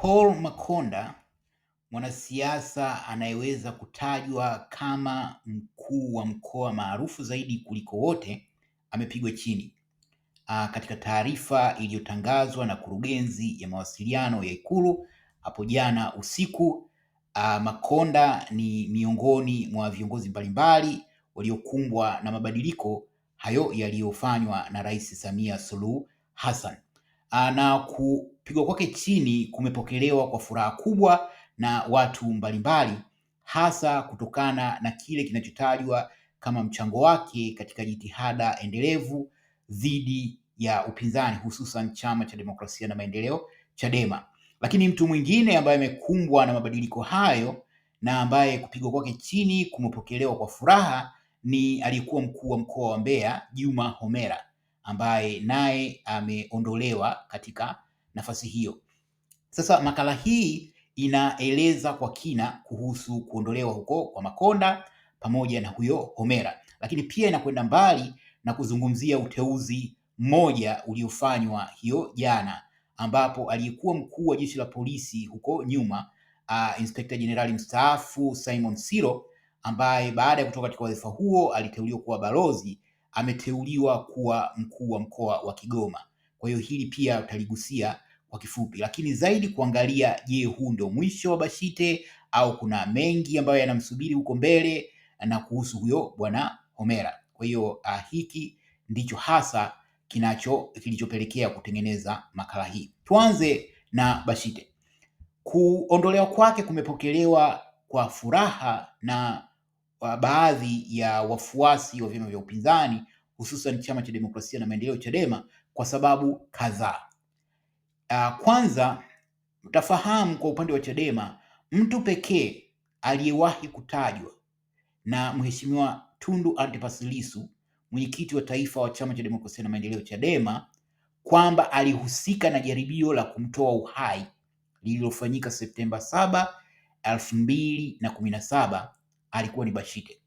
Paul Makonda, mwanasiasa anayeweza kutajwa kama mkuu wa mkoa maarufu zaidi kuliko wote, amepigwa chini. Aa, ah, katika taarifa iliyotangazwa na kurugenzi ya mawasiliano ya Ikulu hapo jana usiku, aa, ah, Makonda ni miongoni mwa viongozi mbalimbali waliokumbwa na mabadiliko hayo yaliyofanywa na Rais Samia Suluhu Hassan. Ah, na kupigwa kwake chini kumepokelewa kwa furaha kubwa na watu mbalimbali, hasa kutokana na kile kinachotajwa kama mchango wake katika jitihada endelevu dhidi ya upinzani, hususan chama cha demokrasia na maendeleo Chadema. Lakini mtu mwingine ambaye amekumbwa na mabadiliko hayo na ambaye kupigwa kwake chini kumepokelewa kwa furaha ni aliyekuwa mkuu wa mkoa wa Mbeya Juma Homera ambaye naye ameondolewa katika nafasi hiyo. Sasa makala hii inaeleza kwa kina kuhusu kuondolewa huko kwa Makonda pamoja na huyo Homera, lakini pia inakwenda mbali na kuzungumzia uteuzi mmoja uliofanywa hiyo jana, ambapo aliyekuwa mkuu wa jeshi la polisi huko nyuma uh, Inspekta Jenerali mstaafu Simon Siro ambaye baada ya kutoka katika wadhifa huo aliteuliwa kuwa balozi ameteuliwa kuwa mkuu wa mkoa wa Kigoma. Kwa hiyo hili pia utaligusia kwa kifupi, lakini zaidi kuangalia, je, huu ndio mwisho wa Bashite au kuna mengi ambayo yanamsubiri huko mbele na kuhusu huyo bwana Homera. Kwa hiyo uh, hiki ndicho hasa kinacho kilichopelekea kutengeneza makala hii. Tuanze na Bashite. Kuondolewa kwake kumepokelewa kwa furaha na wa baadhi ya wafuasi wa vyama vya upinzani hususan chama cha demokrasia na maendeleo Chadema kwa sababu kadhaa. Ah, kwanza, mtafahamu kwa upande wa Chadema mtu pekee aliyewahi kutajwa na Mheshimiwa Tundu Antipas Lissu, mwenyekiti wa taifa wa chama cha demokrasia na maendeleo Chadema, kwamba alihusika na jaribio la kumtoa uhai lililofanyika Septemba saba elfu mbili na kumi na saba alikuwa ni Bashite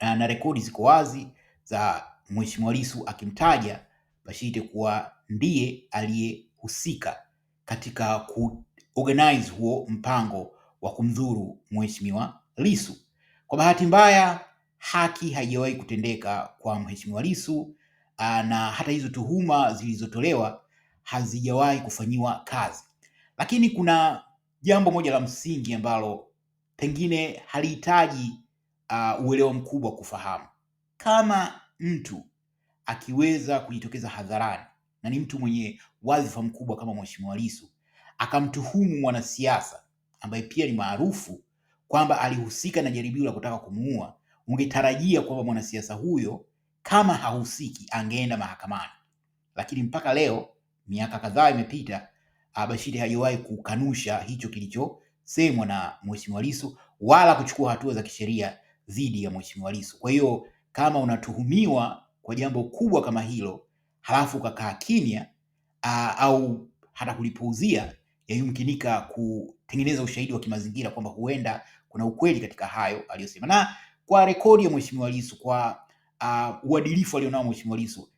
na rekodi ziko wazi za Mheshimiwa Lissu akimtaja Bashite kuwa ndiye aliyehusika katika organize huo mpango wa kumdhuru Mheshimiwa Lissu. Kwa bahati mbaya, haki haijawahi kutendeka kwa Mheshimiwa Lissu na hata hizo tuhuma zilizotolewa hazijawahi kufanyiwa kazi. Lakini kuna jambo moja la msingi ambalo pengine halihitaji uh, uelewa mkubwa kufahamu. Kama mtu akiweza kujitokeza hadharani na ni mtu mwenye wadhifa mkubwa kama Mheshimiwa Lissu akamtuhumu mwanasiasa ambaye pia ni maarufu kwamba alihusika na jaribio la kutaka kumuua, ungetarajia kwamba mwanasiasa huyo kama hahusiki angeenda mahakamani, lakini mpaka leo, miaka kadhaa imepita, ah, Bashiri hajawahi kukanusha hicho kilicho kusemwa na Mheshimiwa Lissu wala kuchukua hatua za kisheria dhidi ya Mheshimiwa Lissu. Kwa hiyo kama unatuhumiwa kwa jambo kubwa kama hilo halafu ukakaa kimya au hata kulipuuzia, yayumkinika kutengeneza ushahidi wa kimazingira kwamba huenda kuna ukweli katika hayo aliyosema. Na kwa rekodi ya Mheshimiwa Lissu, kwa uh, uadilifu alionao Mheshimiwa Lissu,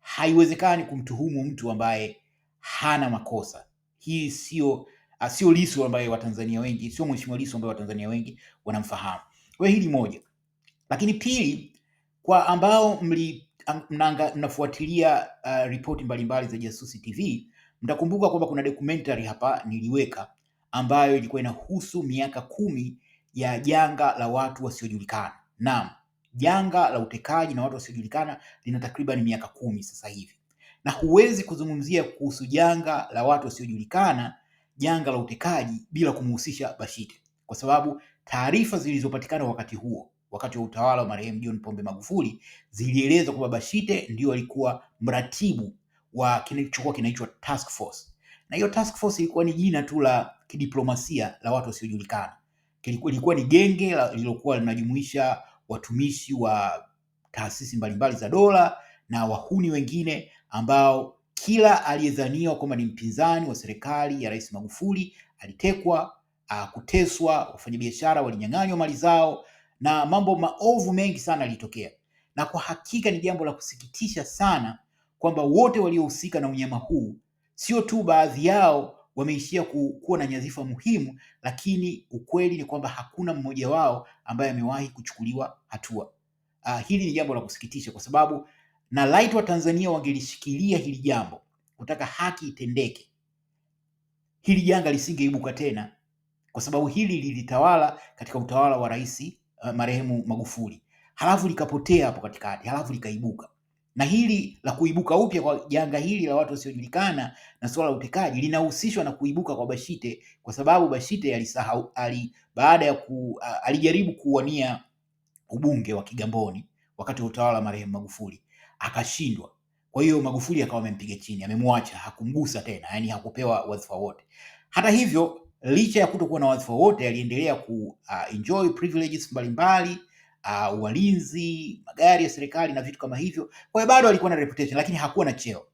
haiwezekani kumtuhumu mtu ambaye hana makosa. Hii sio Ah, sio Lissu ambaye Watanzania wengi, sio Mheshimiwa Lissu ambaye Watanzania wengi wanamfahamu. Kwa hili moja, lakini pili, kwa ambao mli, mnanga, mnafuatilia uh, ripoti mbalimbali za Jasusi TV mtakumbuka kwamba kuna documentary hapa niliweka ambayo ilikuwa inahusu miaka kumi ya janga la watu wasiojulikana. Naam, janga la utekaji na watu wasiojulikana lina takriban miaka kumi sasa hivi, na huwezi kuzungumzia kuhusu janga la watu wasiojulikana janga la utekaji bila kumhusisha Bashite kwa sababu taarifa zilizopatikana wakati huo wakati wa utawala wa marehemu John Pombe Magufuli zilieleza kwamba Bashite ndio alikuwa mratibu wa kilichokuwa kinaitwa task force, na hiyo task force ilikuwa ni jina tu la kidiplomasia la watu wasiojulikana. Ilikuwa ni genge lililokuwa linajumuisha watumishi wa taasisi mbalimbali za dola na wahuni wengine ambao kila aliyedhaniwa kwamba ni mpinzani wa serikali ya Rais Magufuli alitekwa, uh, kuteswa, wafanyabiashara walinyang'anywa mali zao na mambo maovu mengi sana yalitokea, na kwa hakika ni jambo la kusikitisha sana kwamba wote waliohusika na unyama huu, sio tu baadhi yao wameishia kuwa na nyadhifa muhimu, lakini ukweli ni kwamba hakuna mmoja wao ambaye amewahi kuchukuliwa hatua. Uh, hili ni jambo la kusikitisha kwa sababu na laiti Watanzania wangelishikilia hili jambo kutaka haki itendeke, hili janga lisingeibuka tena, kwa sababu hili lilitawala katika utawala wa rais uh, marehemu Magufuli, halafu likapotea hapo katikati, halafu likaibuka. Na hili la kuibuka upya kwa janga hili la watu wasiojulikana na suala la utekaji linahusishwa na kuibuka kwa Bashite, kwa sababu Bashite alisahau ali, baada ya ku, alijaribu kuwania ubunge wa Kigamboni wakati wa utawala wa marehemu Magufuli akashindwa. Kwa hiyo Magufuli akawa amempiga chini, amemwacha, hakumgusa tena, yani hakupewa wadhifa wote. Hata hivyo, licha ya kutokuwa na wadhifa wote, aliendelea ku uh, enjoy privileges mbalimbali uh, walinzi, magari ya serikali na vitu kama hivyo. Kwa hiyo bado alikuwa na reputation, lakini hakuwa na cheo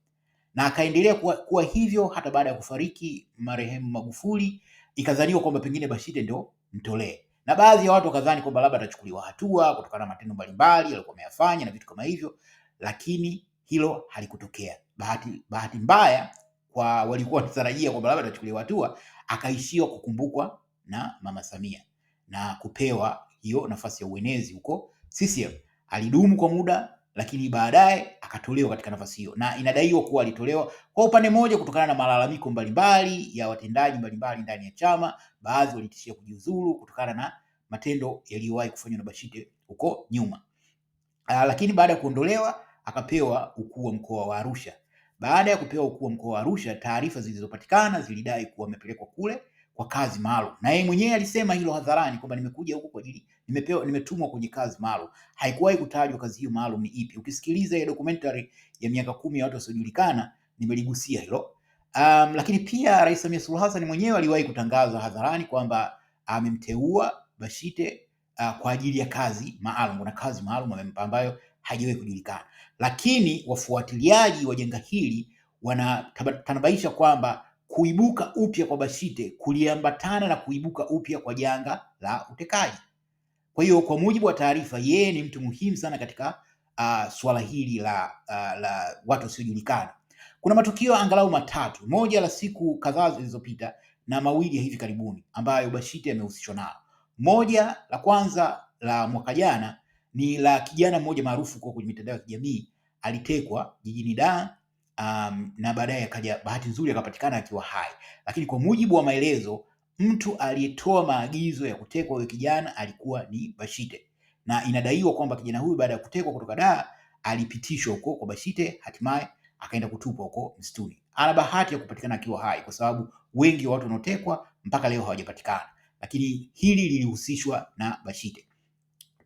na akaendelea kuwa, kuwa hivyo hata baada ya kufariki marehemu Magufuli. Ikadhaniwa kwamba pengine Bashite ndio mtolee, na baadhi ya watu wakadhani kwamba labda atachukuliwa hatua kutokana na matendo mbalimbali alikuwa ameyafanya na vitu kama hivyo, lakini hilo halikutokea. Bahati, bahati mbaya kwa walikuwa wanatarajia kwamba labda atachukuliwa hatua, akaishiwa kukumbukwa na Mama Samia na kupewa hiyo nafasi ya uenezi huko CCM. Alidumu kwa muda lakini baadaye akatolewa katika nafasi hiyo, na inadaiwa kuwa alitolewa kwa upande mmoja kutokana na malalamiko mbalimbali ya watendaji mbalimbali ndani ya chama. Baadhi walitishia kujiuzulu kutokana na matendo yaliyowahi kufanywa na Bashite huko nyuma. Aa, ah, lakini baada ya kuondolewa akapewa ukuu wa mkoa wa Arusha. Baada ya kupewa ukuu wa mkoa wa Arusha, taarifa zilizopatikana zilidai kuwa amepelekwa kule kwa kazi maalum, na yeye mwenyewe alisema hilo hadharani kwamba nimekuja huku kwa ajili nimepewa, nimetumwa kwenye kazi maalum. Haikuwahi kutajwa kazi hiyo maalum ni ipi. Ukisikiliza ile documentary ya miaka kumi ya watu wasiojulikana, nimeligusia hilo. Um, lakini pia Rais Samia Suluhu Hassan mwenyewe aliwahi kutangaza hadharani kwamba amemteua Bashite uh, kwa ajili ya kazi maalum. na kazi maalum amempa ambayo haijawahi kujulikana lakini wafuatiliaji wa janga hili wanatanabaisha kwamba kuibuka upya kwa Basite kuliambatana na kuibuka upya kwa janga la utekaji. Kwa hiyo kwa mujibu wa taarifa, yeye ni mtu muhimu sana katika uh, suala hili la, uh, la watu wasiojulikana. Kuna matukio angalau matatu, moja la siku kadhaa zilizopita na mawili ya hivi karibuni ambayo Bashite amehusishwa nayo. Moja la kwanza la mwaka jana ni la kijana mmoja maarufu kwa kwenye mitandao ya kijamii, alitekwa jijini Dar um, na baadaye akaja, bahati nzuri akapatikana akiwa hai, lakini kwa mujibu wa maelezo, mtu aliyetoa maagizo ya kutekwa huyo kijana alikuwa ni Bashite, na inadaiwa kwamba kijana huyu baada ya kutekwa kutoka Dar alipitishwa huko kwa Bashite, hatimaye akaenda kutupwa huko msituni. Ana bahati ya kupatikana akiwa hai, kwa sababu wengi wa watu wanaotekwa mpaka leo hawajapatikana, lakini hili lilihusishwa na Bashite.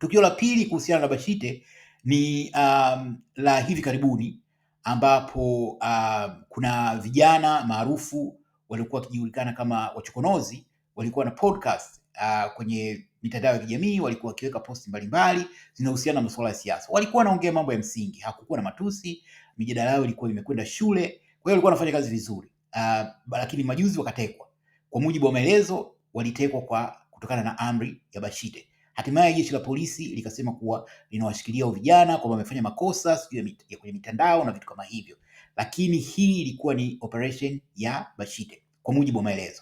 Tukio la pili kuhusiana na Bashite ni um, la hivi karibuni ambapo uh, kuna vijana maarufu waliokuwa wakijulikana kama wachokonozi walikuwa na podcast uh, kwenye mitandao ya kijamii, walikuwa wakiweka posti mbalimbali zinahusiana na masuala ya siasa. Walikuwa wanaongea mambo ya msingi, hakukuwa na matusi, mijadala yao ilikuwa imekwenda shule, kwa hiyo walikuwa wanafanya kazi vizuri uh, lakini majuzi wakatekwa. Kwa mujibu wa maelezo, walitekwa kwa kutokana na amri ya Bashite. Hatimaye jeshi la polisi likasema kuwa linawashikilia vijana kwamba wamefanya makosa sijui ya kwenye mitandao na vitu kama hivyo, lakini hii ilikuwa ni operation ya Bashite kwa mujibu wa maelezo.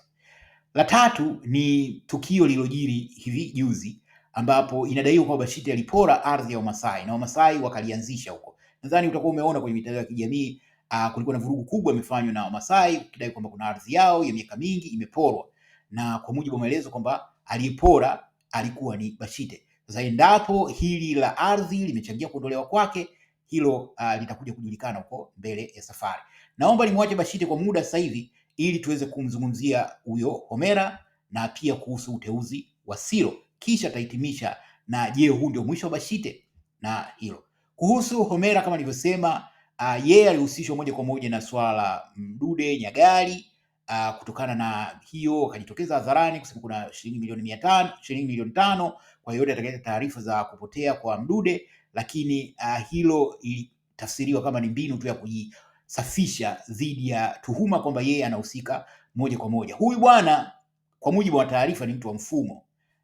La tatu ni tukio lililojiri hivi juzi ambapo inadaiwa kwamba Bashite alipora ardhi ya Wamasai na Wamasai wakalianzisha huko. Nadhani utakuwa umeona kwenye mitandao ya kijamii uh, kulikuwa na vurugu kubwa imefanywa na Wamasai kidai kwamba kuna ardhi yao ya miaka mingi imeporwa, na kwa mujibu wa maelezo kwamba aliyepora alikuwa ni Bashite. Sasa endapo hili la ardhi limechangia kuondolewa kwake, hilo uh, litakuja kujulikana huko mbele ya safari. Naomba nimwache Bashite kwa muda sasa hivi ili tuweze kumzungumzia huyo Homera na pia kuhusu uteuzi wa Silo, kisha atahitimisha na je, huu ndio mwisho wa Bashite na hilo. Kuhusu Homera kama nilivyosema, uh, yeye alihusishwa moja kwa moja na swala la Mdude Nyagali Uh, kutokana na hiyo akajitokeza hadharani kusema kuna shilingi milioni mia tano, shilingi milioni tano kwa yeyote atakayeleta taarifa za kupotea kwa Mdude, lakini uh, hilo ilitafsiriwa kama ni mbinu tu ya kujisafisha dhidi ya tuhuma kwamba yeye anahusika moja kwa moja. Huyu bwana kwa mujibu wa taarifa ni mtu wa mfumo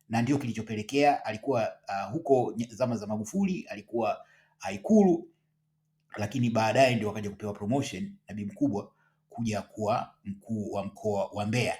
na ndio kilichopelekea alikuwa uh, huko zama za Magufuli alikuwa uh, Ikulu, lakini baadaye ndio akaja kupewa promotion na bibi mkubwa kuja kuwa mkuu wa mkoa wa Mbeya.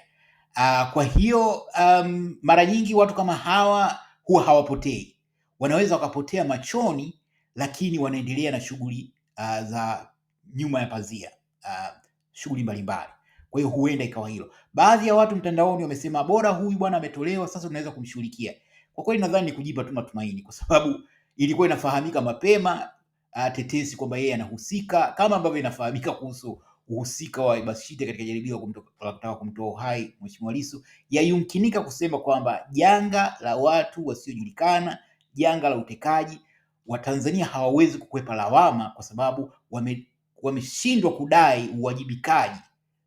Uh, kwa hiyo um, mara nyingi watu kama hawa huwa hawapotei, wanaweza wakapotea machoni, lakini wanaendelea na shughuli uh, za nyuma ya pazia uh, shughuli mbalimbali. Kwa hiyo huenda ikawa hilo. Baadhi ya watu mtandaoni wamesema bora huyu bwana ametolewa, sasa tunaweza kumshughulikia. Kwa kweli nadhani ni kujipa tu matumaini, kwa sababu ilikuwa inafahamika mapema uh, tetesi kwamba yeye anahusika kama ambavyo inafahamika kuhusu uhusika wa Ibasite katika jaribio la kutaka kumtoa uhai Mheshimiwa Lissu yayumkinika kusema kwamba janga la watu wasiojulikana, janga la utekaji, Watanzania hawawezi kukwepa lawama kwa sababu wameshindwa wame kudai uwajibikaji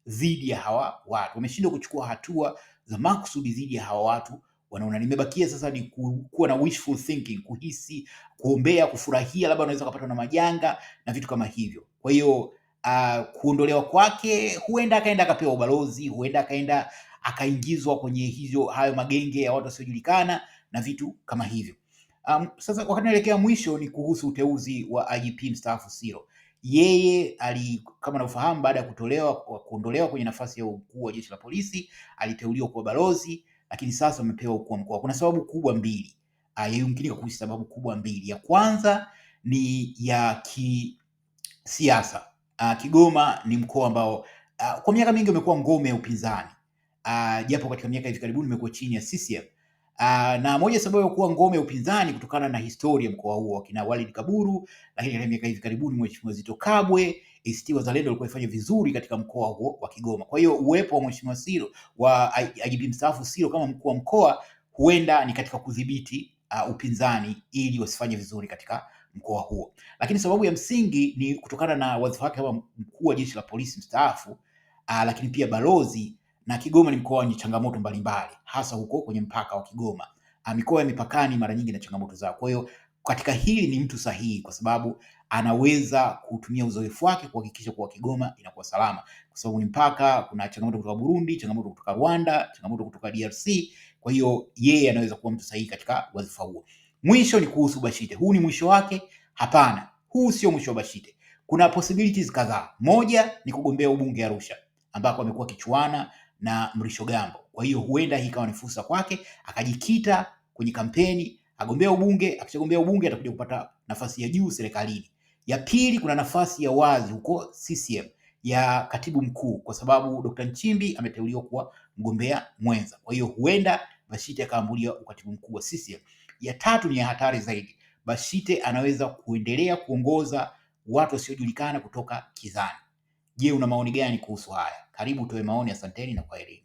dhidi ya hawa watu, wameshindwa kuchukua hatua za makusudi dhidi ya hawa watu wanaona nimebakia sasa ni kuwa na wishful thinking, kuhisi, kuombea, kufurahia labda wanaweza kupatwa na majanga na vitu kama hivyo. Kwa hiyo uh, kuondolewa kwake, huenda akaenda akapewa ubalozi, huenda akaenda akaingizwa kwenye hizo hayo magenge ya watu wasiojulikana na vitu kama hivyo. Um, sasa wakati naelekea mwisho ni kuhusu uteuzi wa IGP mstaafu Siro. Yeye ali, kama unavyofahamu, baada ya kutolewa kuondolewa kwenye nafasi ya ukuu wa jeshi la polisi aliteuliwa kuwa balozi, lakini sasa amepewa ukuu wa mkoa. Kuna sababu kubwa mbili uh, ah, yumkinika sababu kubwa mbili. Ya kwanza ni ya kisiasa Uh, Kigoma ni mkoa ambao uh, kwa miaka mingi umekuwa ngome ya upinzani uh, japo katika miaka hivi karibuni umekuwa chini ya CCM. Uh, na moja sababu ya kuwa ngome ya upinzani kutokana na historia mkoa huo wakina Walid Kaburu, lakini katika miaka hivi karibuni Mheshimiwa Zito Kabwe, ACT Wazalendo walikuwa ifanya vizuri katika mkoa huo wa Kigoma. Kwa hiyo uwepo wa Mheshimiwa Siro wa IGP mstaafu Siro kama mkuu wa mkoa huenda ni katika kudhibiti uh, upinzani ili wasifanye vizuri katika mkoa huo, lakini sababu ya msingi ni kutokana na wadhifa wake kama mkuu wa jeshi la polisi mstaafu, ah, lakini pia balozi, na Kigoma ni mkoa wenye changamoto mbalimbali, hasa huko kwenye mpaka wa Kigoma. Ah, mikoa ya mipakani mara nyingi na changamoto zao, kwa hiyo katika hili ni mtu sahihi kwa sababu anaweza kutumia uzoefu wake kuhakikisha kuwa Kigoma inakuwa salama, kwa sababu ni mpaka. Kuna changamoto kutoka Burundi, changamoto kutoka Rwanda, changamoto kutoka DRC. Kwa hiyo yeye anaweza kuwa mtu sahihi katika wadhifa huo. Mwisho ni kuhusu Bashite. Huu ni mwisho wake? Hapana, huu sio mwisho wa Bashite. Kuna possibilities kadhaa. Moja ni kugombea ubunge Arusha, ambako amekuwa kichuana na Mrisho Gambo. Kwa hiyo huenda hii ikawa ni fursa kwake, akajikita kwenye kampeni, agombea ubunge. Akishagombea ubunge, atakuja kupata nafasi ya juu serikalini. Ya pili, kuna nafasi ya wazi huko CCM ya katibu mkuu, kwa sababu Dr. Nchimbi ameteuliwa kuwa mgombea mwenza. Kwa hiyo huenda Bashite akaambulia ukatibu mkuu wa CCM ya tatu ni ya hatari zaidi. Basite anaweza kuendelea kuongoza watu wasiojulikana kutoka kizani. Je, una maoni gani kuhusu haya? Karibu utoe maoni. Asanteni na kwaheri.